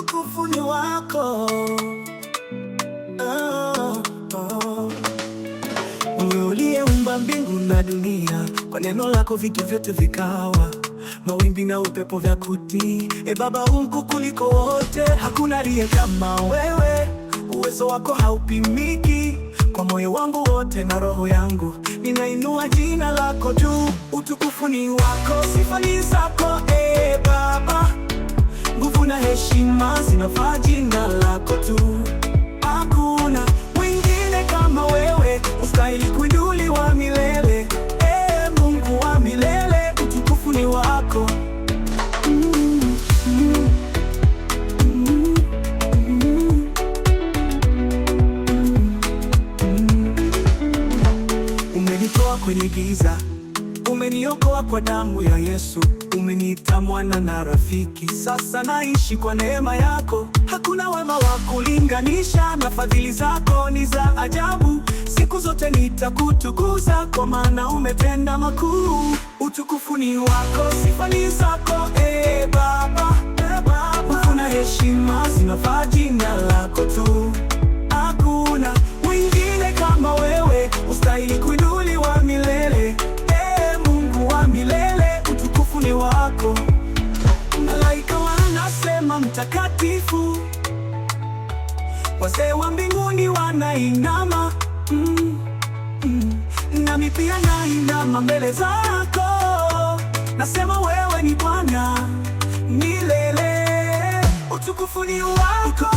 utukufu ni wako oh, oh. uliyeumba mbingu na dunia, kwa neno lako vitu vyote vikawa, mawimbi na upepo vya kuti E Baba Mungu, kuliko wote hakuna aliye kama wewe, uwezo wako haupimiki. Kwa moyo wangu wote na roho yangu ninainua jina lako juu, utukufu ni wako, sifa ni zako, e Baba hakuna heshima zinafaa jina lako tu. Hakuna mwingine kama wewe, ustahili kuinuliwa milele. Ee Mungu wa milele, utukufu ni wako. mm, mm, mm, mm, mm. Umenitoa kwenye giza Umeniokoa kwa damu ya Yesu, umeniita mwana na rafiki. Sasa naishi kwa neema yako, hakuna wema wa kulinganisha na fadhili zako ni za ajabu. Siku zote nitakutukuza kwa maana umetenda makuu. Utukufu ni wako, sifa ni zako, ee Baba. Hakuna e heshima zinafaa jina lako tu. mtakatifu, wazee wa mbinguni wanainama mm, mm, nami pia nainama mbele zako, nasema wewe ni Bwana milele, utukufu ni wako,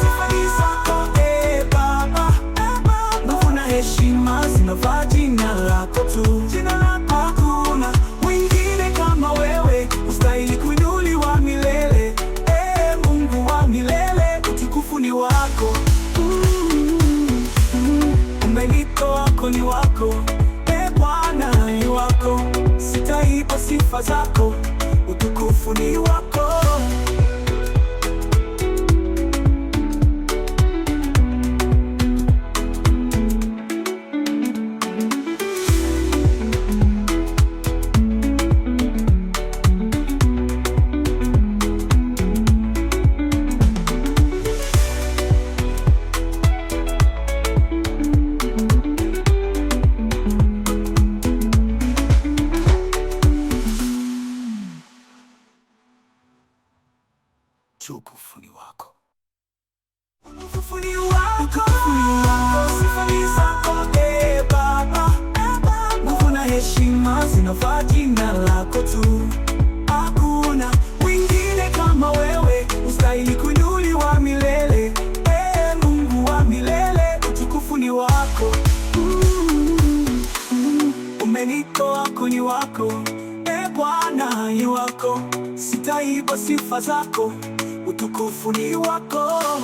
sifa ni zako, e Baba, nguvu na heshima zinavaa jina wako ni wako, e Bwana ni wako, sitaipa sifa zako, utukufu ni wako. ukufuni wako, ukufuni wako, eh, Baba, nguvu na heshima zinafaa jina lako tu, hakuna wengine kama wewe, ustahili kuinuliwa milele, ee Mungu wa milele, utukufuni wako mm-hmm. Mm-hmm. umenitoa kuni wako, ee Bwana ni wako nitaiba sifa zako, utukufu ni wako.